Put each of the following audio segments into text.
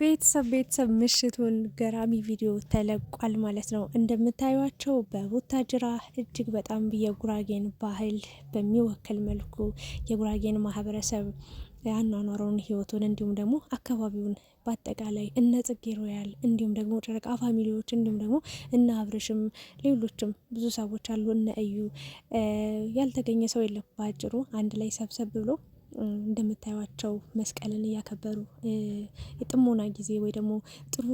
ቤተሰብ ቤተሰብ ምሽቱን ገራሚ ቪዲዮ ተለቋል ማለት ነው። እንደምታዩቸው በቡታጅራ እጅግ በጣም የጉራጌን ባህል በሚወክል መልኩ የጉራጌን ማህበረሰብ አኗኗረውን ህይወቱን እንዲሁም ደግሞ አካባቢውን በአጠቃላይ እነ ጽጌ ሮያል እንዲሁም ደግሞ ጨረቃ ፋሚሊዎች እንዲሁም ደግሞ እነ አብርሽም ሌሎችም ብዙ ሰዎች አሉ። እነ እዩ ያልተገኘ ሰው የለም። በአጭሩ አንድ ላይ ሰብሰብ ብሎ እንደምታዩቸው መስቀልን እያከበሩ የጥሞና ጊዜ ወይ ደግሞ ጥሩ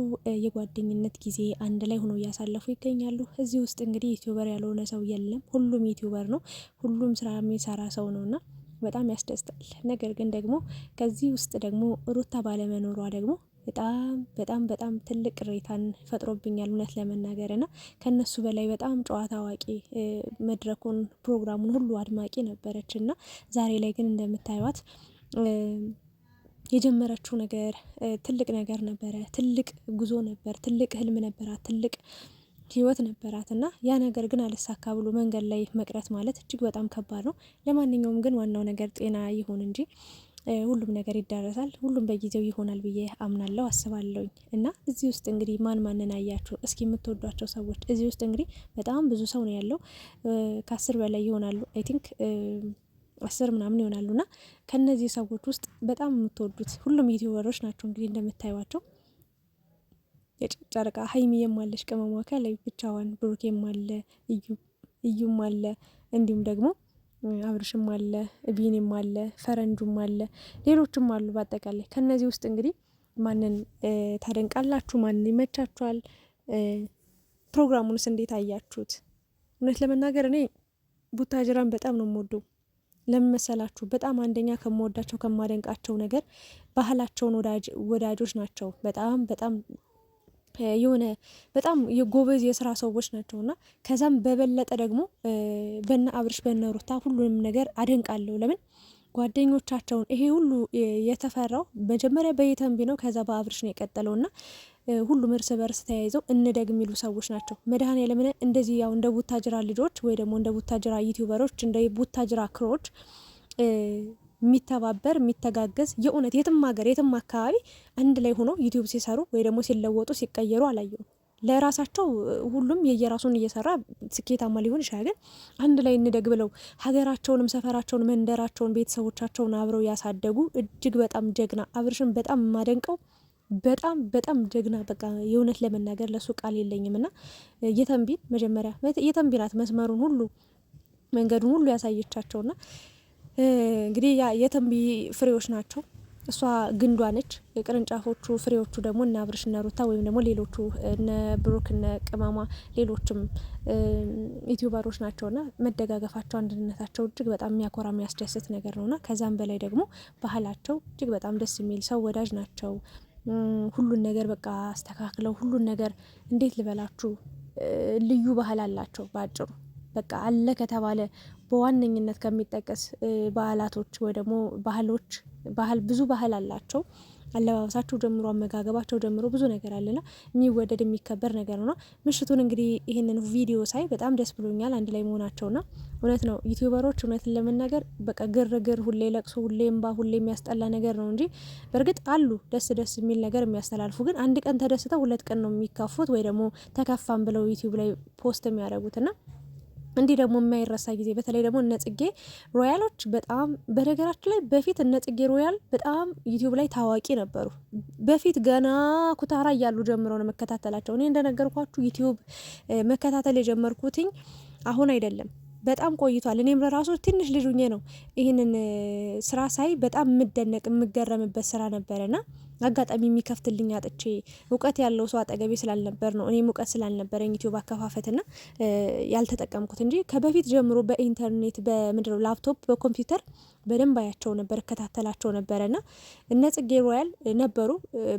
የጓደኝነት ጊዜ አንድ ላይ ሆኖ እያሳለፉ ይገኛሉ። እዚህ ውስጥ እንግዲህ ዩቲዩበር ያልሆነ ሰው የለም። ሁሉም ዩቲዩበር ነው። ሁሉም ስራ የሚሰራ ሰው ነው እና በጣም ያስደስታል። ነገር ግን ደግሞ ከዚህ ውስጥ ደግሞ ሩታ ባለመኖሯ ደግሞ በጣም በጣም በጣም ትልቅ ቅሬታን ፈጥሮብኛል እውነት ለመናገር እና ከነሱ በላይ በጣም ጨዋታ አዋቂ መድረኩን ፕሮግራሙን ሁሉ አድማቂ ነበረች እና ዛሬ ላይ ግን እንደምታዩት የጀመረችው ነገር ትልቅ ነገር ነበረ። ትልቅ ጉዞ ነበር። ትልቅ ህልም ነበራት። ትልቅ ህይወት ነበራት እና ያ ነገር ግን አልሳካ ብሎ መንገድ ላይ መቅረት ማለት እጅግ በጣም ከባድ ነው። ለማንኛውም ግን ዋናው ነገር ጤና ይሁን እንጂ ሁሉም ነገር ይዳረሳል፣ ሁሉም በጊዜው ይሆናል ብዬ አምናለሁ አስባለሁኝ። እና እዚህ ውስጥ እንግዲህ ማን ማንን አያችሁ እስኪ የምትወዷቸው ሰዎች እዚህ ውስጥ እንግዲህ በጣም ብዙ ሰው ነው ያለው። ከአስር በላይ ይሆናሉ አይ ቲንክ አስር ምናምን ይሆናሉ። እና ከእነዚህ ሰዎች ውስጥ በጣም የምትወዱት ሁሉም ዩቲዩበሮች ናቸው እንግዲህ እንደምታዩቸው የጨጨርቃ ሀይሚ የማለች ቅመሟ ከላይ ብቻዋን ብሩኬም አለ እዩም አለ እንዲሁም ደግሞ አብርሽም አለ፣ ቢኒም አለ፣ ፈረንጁም አለ፣ ሌሎችም አሉ። በአጠቃላይ ከእነዚህ ውስጥ እንግዲህ ማንን ታደንቃላችሁ? ማንን ይመቻችኋል? ፕሮግራሙንስ እንዴት አያችሁት? እውነት ለመናገር እኔ ቡታጅራን በጣም ነው የምወደው። ለምን መሰላችሁ? በጣም አንደኛ ከምወዳቸው ከማደንቃቸው ነገር ባህላቸውን ወዳጆች ናቸው። በጣም በጣም የሆነ በጣም የጎበዝ የስራ ሰዎች ናቸው እና ከዛም በበለጠ ደግሞ በነ አብርሽ በነ ሩታ ሁሉንም ነገር አደንቃለሁ። ለምን ጓደኞቻቸውን ይሄ ሁሉ የተፈራው መጀመሪያ በየተንቢ ነው፣ ከዛ በአብርሽ ነው የቀጠለው እና ሁሉም እርስ በርስ ተያይዘው እንደግ የሚሉ ሰዎች ናቸው። መድኃኔዓለምን እንደዚህ ያው እንደ ቡታጅራ ልጆች ወይ ደግሞ እንደ ቡታጅራ ዩቲዩበሮች እንደ ቡታጅራ ክሮች የሚተባበር የሚተጋገዝ የእውነት የትም ሀገር የትም አካባቢ አንድ ላይ ሆኖ ዩቲዩብ ሲሰሩ ወይ ደግሞ ሲለወጡ ሲቀየሩ አላየሁም። ለራሳቸው ሁሉም የየራሱን እየሰራ ስኬታማ ሊሆን ይችላል። ግን አንድ ላይ እንደግ ብለው ሀገራቸውንም፣ ሰፈራቸውን፣ መንደራቸውን፣ ቤተሰቦቻቸውን አብረው ያሳደጉ እጅግ በጣም ጀግና አብርሽን በጣም የማደንቀው በጣም በጣም ጀግና በቃ የእውነት ለመናገር ለሱ ቃል የለኝም። ና የተንቢን መጀመሪያ የተንቢናት መስመሩን ሁሉ መንገዱን ሁሉ ያሳየቻቸውና እንግዲህ ያ የተንቢ ፍሬዎች ናቸው። እሷ ግንዷ ነች። የቅርንጫፎቹ ፍሬዎቹ ደግሞ እነ አብርሽ እነ ሩታ ወይም ደግሞ ሌሎቹ እነ ብሩክ እነ ቅመሟ ሌሎችም ዩቲዩበሮች ና መደጋገፋቸው አንድነታቸው እጅግ በጣም የሚያኮራ የሚያስደስት ነገር ና ከዛም በላይ ደግሞ ባህላቸው እጅግ በጣም ደስ የሚል ሰው ወዳጅ ናቸው። ሁሉን ነገር በቃ አስተካክለው ሁሉን ነገር እንዴት ልበላችሁ ልዩ ባህል አላቸው በአጭሩ በቃ አለ ከተባለ በዋነኝነት ከሚጠቀስ ባህላቶች ወይ ደግሞ ባህሎች ባህል ብዙ ባህል አላቸው። አለባበሳቸው ጀምሮ አመጋገባቸው ጀምሮ ብዙ ነገር አለና የሚወደድ የሚከበር ነገር ነው። ምሽቱን እንግዲህ ይህንን ቪዲዮ ሳይ በጣም ደስ ብሎኛል። አንድ ላይ መሆናቸውና እውነት ነው ዩቲዩበሮች እውነትን ለመናገር በቃ ግርግር፣ ሁሌ ለቅሶ፣ ሁሌ እምባ፣ ሁሌ የሚያስጠላ ነገር ነው እንጂ በእርግጥ አሉ ደስ ደስ የሚል ነገር የሚያስተላልፉ ግን አንድ ቀን ተደስተው ሁለት ቀን ነው የሚካፉት ወይ ደግሞ ተከፋም ብለው ዩቲዩብ ላይ ፖስት የሚያደርጉትና እንዲህ ደግሞ የማይረሳ ጊዜ በተለይ ደግሞ ነጽጌ ሮያሎች በጣም በነገራችን ላይ በፊት እነ ሮያል በጣም ዩቲዩብ ላይ ታዋቂ ነበሩ። በፊት ገና ኩታራ እያሉ ጀምሮ ነው መከታተላቸው። እኔ እንደነገርኳችሁ ዩቲዩብ መከታተል የጀመርኩትኝ አሁን አይደለም በጣም ቆይቷል። እኔም ለራሱ ትንሽ ልጁኜ ነው ይህንን ስራ ሳይ በጣም የምደነቅ የምገረምበት ስራ ነበረና አጋጣሚ የሚከፍትልኝ አጥቼ እውቀት ያለው ሰው አጠገቤ ስላልነበር ነው። እኔም እውቀት ስላልነበረኝ ዩቲዩብ አከፋፈትና ያልተጠቀምኩት እንጂ ከበፊት ጀምሮ በኢንተርኔት በምድረው ላፕቶፕ በኮምፒውተር በደንብ አያቸው ነበር፣ እከታተላቸው ነበረ ና እነ ጽጌ ሮያል ነበሩ።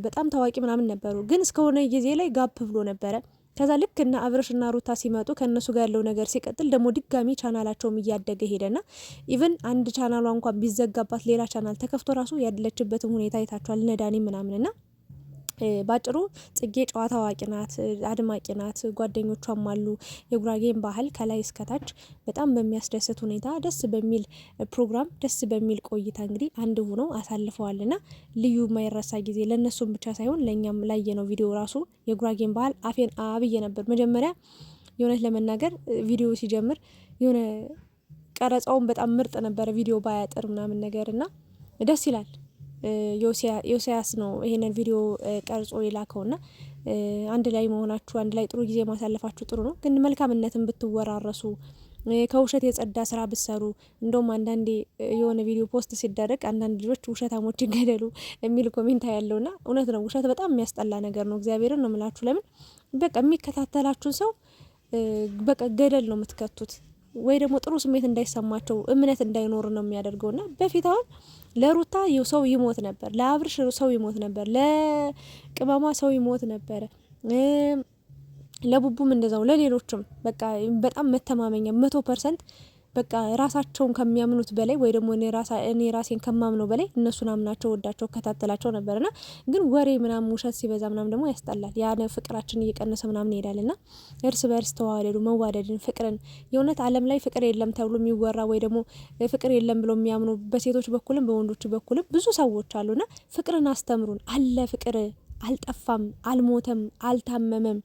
በጣም ታዋቂ ምናምን ነበሩ። ግን እስከሆነ ጊዜ ላይ ጋፕ ብሎ ነበረ ከዛ ልክ እና አብረሽ እና ሩታ ሲመጡ ከእነሱ ጋር ያለው ነገር ሲቀጥል ደግሞ ድጋሚ ቻናላቸውም እያደገ ሄደና ኢቨን አንድ ቻናሏ እንኳን ቢዘጋባት ሌላ ቻናል ተከፍቶ ራሱ ያለችበትም ሁኔታ አይታችኋል። ነዳኔ ምናምንና ባጭሩ ጽጌ ጨዋ ታዋቂ ናት፣ አድማቂ ናት። ጓደኞቿም አሉ። የጉራጌን ባህል ከላይ እስከታች በጣም በሚያስደስት ሁኔታ ደስ በሚል ፕሮግራም ደስ በሚል ቆይታ እንግዲህ አንድ ሆኖ አሳልፈዋል ና ልዩ የማይረሳ ጊዜ ለእነሱም ብቻ ሳይሆን ለእኛም ላየ ነው ቪዲዮ ራሱ የጉራጌን ባህል አፌን አብዬ ነበር መጀመሪያ የእውነት ለመናገር ቪዲዮ ሲጀምር የሆነ ቀረጻውን በጣም ምርጥ ነበረ። ቪዲዮ ባያጥር ምናምን ነገር እና ደስ ይላል። ዮሲያስ ነው ይሄንን ቪዲዮ ቀርጾ ና አንድ ላይ መሆናችሁ አንድ ላይ ጥሩ ጊዜ ማሳለፋችሁ ጥሩ ነው፣ ግን መልካምነትን ብትወራረሱ ከውሸት የጸዳ ስራ ብትሰሩ። እንደውም አንዳንዴ የሆነ ቪዲዮ ፖስት ሲደረግ አንዳንድ ልጆች ውሸታሞች ይገደሉ የሚል ኮሜንታ ያለውና እውነት ነው። ውሸት በጣም የሚያስጠላ ነገር ነው። እግዚአብሔርን ነው ምላችሁ። ለምን በቃ የሚከታተላችሁን ሰው በቃ ገደል ነው የምትከቱት። ወይ ደግሞ ጥሩ ስሜት እንዳይሰማቸው እምነት እንዳይኖር ነው የሚያደርገው። ና በፊት አሁን ለሩታ ሰው ይሞት ነበር፣ ለአብርሽ ሰው ይሞት ነበር፣ ለቅመማ ሰው ይሞት ነበረ፣ ለቡቡም እንደዛው፣ ለሌሎችም በቃ በጣም መተማመኛ መቶ ፐርሰንት በቃ ራሳቸውን ከሚያምኑት በላይ ወይ ደግሞ እኔ ራሴን ከማምነው በላይ እነሱን አምናቸው ወዳቸው እከታተላቸው ነበርና ግን ወሬ ምናምን ውሸት ሲበዛ ምናምን ደግሞ ያስጠላል። ያነ ፍቅራችን እየቀነሰ ምናምን ይሄዳል ና እርስ በእርስ ተዋደዱ፣ መዋደድን፣ ፍቅርን የእውነት ዓለም ላይ ፍቅር የለም ተብሎ የሚወራ ወይ ደግሞ ፍቅር የለም ብሎ የሚያምኑ በሴቶች በኩልም በወንዶች በኩልም ብዙ ሰዎች ና ፍቅርን አስተምሩን አለ። ፍቅር አልጠፋም፣ አልሞተም፣ አልታመመም።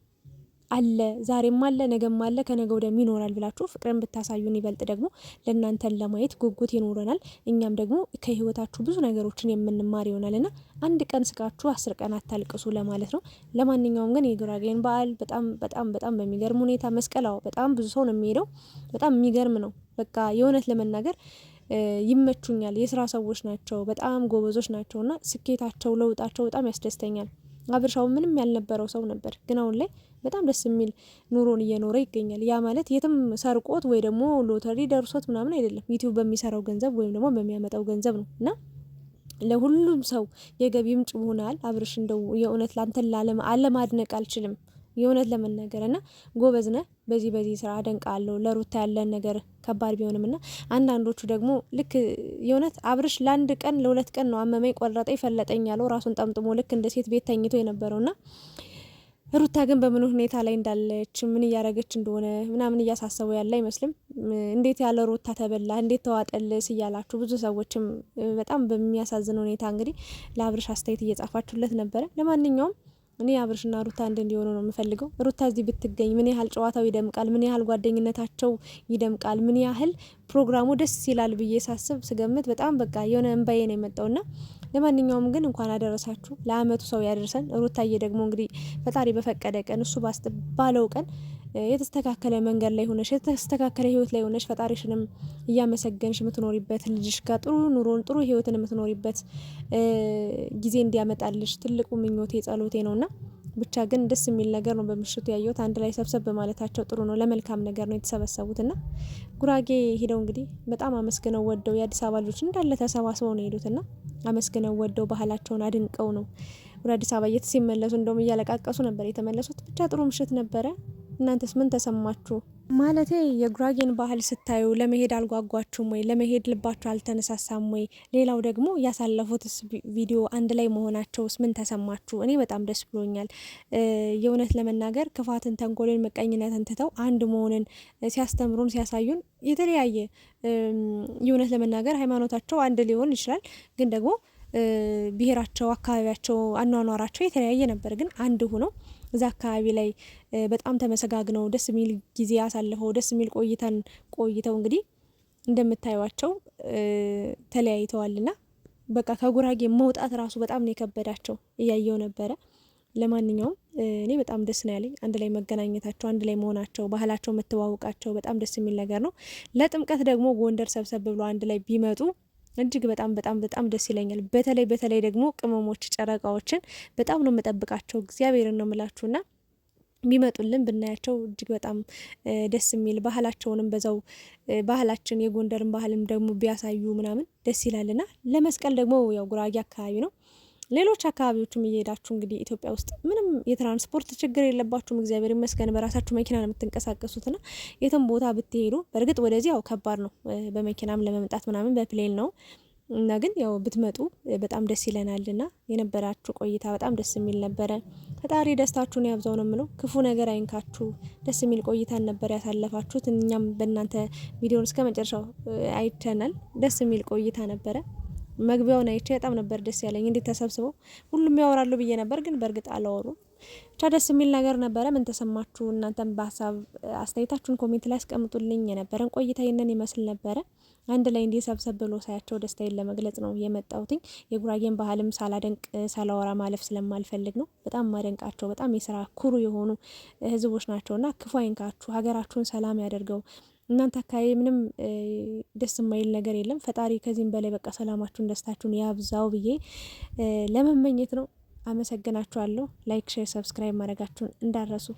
አለ ዛሬም አለ ነገም አለ ከነገ ወዲያም ይኖራል ብላችሁ ፍቅርን ብታሳዩን ይበልጥ ደግሞ ለእናንተን ለማየት ጉጉት ይኖረናል። እኛም ደግሞ ከህይወታችሁ ብዙ ነገሮችን የምንማር ይሆናል እና አንድ ቀን ስቃችሁ አስር ቀን አታልቅሱ ለማለት ነው። ለማንኛውም ግን የጉራጌን በዓል በጣም በጣም በጣም በሚገርም ሁኔታ መስቀላው በጣም ብዙ ሰው ነው የሚሄደው። በጣም የሚገርም ነው። በቃ የእውነት ለመናገር ይመቹኛል። የስራ ሰዎች ናቸው። በጣም ጎበዞች ናቸውና ስኬታቸው፣ ለውጣቸው በጣም ያስደስተኛል። አብርሻው ምንም ያልነበረው ሰው ነበር፣ ግን አሁን ላይ በጣም ደስ የሚል ኑሮን እየኖረ ይገኛል። ያ ማለት የትም ሰርቆት ወይ ደግሞ ሎተሪ ደርሶት ምናምን አይደለም። ዩቲዩብ በሚሰራው ገንዘብ ወይም ደግሞ በሚያመጣው ገንዘብ ነው እና ለሁሉም ሰው የገቢ ምንጭ ሆናል። አብርሽ እንደው የእውነት ላንተን አለማድነቅ አልችልም። የእውነት ለመናገር ና ጎበዝ ነህ። በዚህ በዚህ ስራ አደንቃለሁ። ለሩታ ያለን ነገር ከባድ ቢሆንም ና አንዳንዶቹ ደግሞ ልክ የእውነት አብርሽ ለአንድ ቀን ለሁለት ቀን ነው አመመኝ፣ ቆረጠኝ፣ ፈለጠኝ ያለው ራሱን ጠምጥሞ ልክ እንደ ሴት ቤት ተኝቶ የነበረው ና ሩታ ግን በምን ሁኔታ ላይ እንዳለች ምን እያደረገች እንደሆነ ምናምን እያሳሰበው ያለ አይመስልም። እንዴት ያለ ሩታ ተበላ፣ እንዴት ተዋጠልስ እያላችሁ ብዙ ሰዎችም በጣም በሚያሳዝን ሁኔታ እንግዲህ ለአብርሽ አስተያየት እየጻፋችሁለት ነበረ። ለማንኛውም እኔ አብርሽና ሩታ አንድ እንዲሆኑ ነው የምፈልገው። ሩታ እዚህ ብትገኝ ምን ያህል ጨዋታው ይደምቃል፣ ምን ያህል ጓደኝነታቸው ይደምቃል፣ ምን ያህል ፕሮግራሙ ደስ ይላል ብዬ ሳስብ ስገምት በጣም በቃ የሆነ እንባዬ ነው የመጣውና ለማንኛውም ግን እንኳን አደረሳችሁ። ለአመቱ ሰው ያደርሰን። ሩታዬ ደግሞ እንግዲህ ፈጣሪ በፈቀደ ቀን እሱ ባለው ቀን የተስተካከለ መንገድ ላይ ሆነሽ የተስተካከለ ህይወት ላይ ሆነሽ ፈጣሪሽንም እያመሰገንሽ የምትኖሪበት ልጅሽ ጋር ጥሩ ኑሮን ጥሩ ህይወትን የምትኖሪበት ጊዜ እንዲያመጣልሽ ትልቁ ምኞቴ ጸሎቴ ነውና ብቻ ግን ደስ የሚል ነገር ነው። በምሽቱ ያየሁት አንድ ላይ ሰብሰብ በማለታቸው ጥሩ ነው፣ ለመልካም ነገር ነው የተሰበሰቡት እና ጉራጌ ሄደው እንግዲህ በጣም አመስግነው ወደው የአዲስ አበባ ልጆች እንዳለ ተሰባስበው ነው የሄዱት እና አመስግነው ወደው ባህላቸውን አድንቀው ነው ወደ አዲስ አበባ እየተመለሱ እንደውም እያለቃቀሱ ነበር የተመለሱት። ብቻ ጥሩ ምሽት ነበረ። እናንተስ ምን ተሰማችሁ? ማለቴ የጉራጌን ባህል ስታዩ ለመሄድ አልጓጓችሁም ወይ? ለመሄድ ልባችሁ አልተነሳሳም ወይ? ሌላው ደግሞ ያሳለፉትስ ቪዲዮ አንድ ላይ መሆናቸውስ ምን ተሰማችሁ? እኔ በጣም ደስ ብሎኛል። የእውነት ለመናገር ክፋትን፣ ተንኮልን፣ ምቀኝነትን ትተው አንድ መሆንን ሲያስተምሩን ሲያሳዩን የተለያየ የእውነት ለመናገር ሃይማኖታቸው አንድ ሊሆን ይችላል ግን ደግሞ ብሔራቸው፣ አካባቢያቸው፣ አኗኗራቸው የተለያየ ነበር ግን አንድ ሆነው እዛ አካባቢ ላይ በጣም ተመሰጋግነው ደስ የሚል ጊዜ አሳልፈው ደስ የሚል ቆይተን ቆይተው እንግዲህ እንደምታዩቸው ተለያይተዋልና በቃ ከጉራጌ መውጣት ራሱ በጣም ነው የከበዳቸው እያየው ነበረ። ለማንኛውም እኔ በጣም ደስ ነው ያለኝ አንድ ላይ መገናኘታቸው፣ አንድ ላይ መሆናቸው፣ ባህላቸው መተዋወቃቸው በጣም ደስ የሚል ነገር ነው። ለጥምቀት ደግሞ ጎንደር ሰብሰብ ብሎ አንድ ላይ ቢመጡ እጅግ በጣም በጣም በጣም ደስ ይለኛል። በተለይ በተለይ ደግሞ ቅመሞች ጨረቃዎችን በጣም ነው የምጠብቃቸው። እግዚአብሔርን ነው የምላችሁና ቢመጡልን ብናያቸው እጅግ በጣም ደስ የሚል ባህላቸውንም በዛው ባህላችን የጎንደርን ባህልም ደግሞ ቢያሳዩ ምናምን ደስ ይላልና ለመስቀል ደግሞ ያው ጉራጌ አካባቢ ነው። ሌሎች አካባቢዎችም እየሄዳችሁ እንግዲህ ኢትዮጵያ ውስጥ ምንም የትራንስፖርት ችግር የለባችሁም፣ እግዚአብሔር ይመስገን። በራሳችሁ መኪና ነው የምትንቀሳቀሱትና የትም ቦታ ብትሄዱ፣ በእርግጥ ወደዚህ ያው ከባድ ነው በመኪናም ለመምጣት ምናምን፣ በፕሌን ነው እና ግን ያው ብትመጡ በጣም ደስ ይለናል ና የነበራችሁ ቆይታ በጣም ደስ የሚል ነበረ። ፈጣሪ ደስታችሁን ያብዛው ነው የምለው። ክፉ ነገር አይንካችሁ። ደስ የሚል ቆይታን ነበር ያሳለፋችሁት። እኛም በእናንተ ቪዲዮን እስከ መጨረሻው አይተናል። ደስ የሚል ቆይታ ነበረ። መግቢያውን አይቼ በጣም ነበር ደስ ያለኝ። እንዴት ተሰብስበው ሁሉም ያወራሉ ብዬ ነበር፣ ግን በእርግጥ አላወሩም። ብቻ ደስ የሚል ነገር ነበረ። ምን ተሰማችሁ እናንተም? በሀሳብ አስተያየታችሁን ኮሜንት ላይ አስቀምጡልኝ። የነበረን ቆይታ ይነን ይመስል ነበረ። አንድ ላይ እንዲህ ሰብሰብ ብሎ ሳያቸው ደስታዬን ለመግለጽ ነው የመጣሁትኝ። የጉራጌን ባህልም ሳላደንቅ ሳላወራ ማለፍ ስለማልፈልግ ነው። በጣም ማደንቃቸው በጣም የስራ ኩሩ የሆኑ ህዝቦች ናቸውና ክፉ አይንካችሁ፣ ሀገራችሁን ሰላም ያደርገው። እናንተ አካባቢ ምንም ደስ የማይል ነገር የለም። ፈጣሪ ከዚህም በላይ በቃ ሰላማችሁን ደስታችሁን ያብዛው ብዬ ለመመኘት ነው። አመሰግናችኋለሁ። ላይክ፣ ሼር፣ ሰብስክራይብ ማድረጋችሁን እንዳረሱ